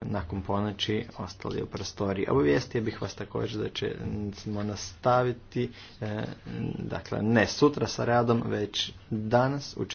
nakon ponoći ostali u prostoriji. Obavijestio bih vas također da ćemo nastaviti, e, dakle ne sutra sa radom, već danas u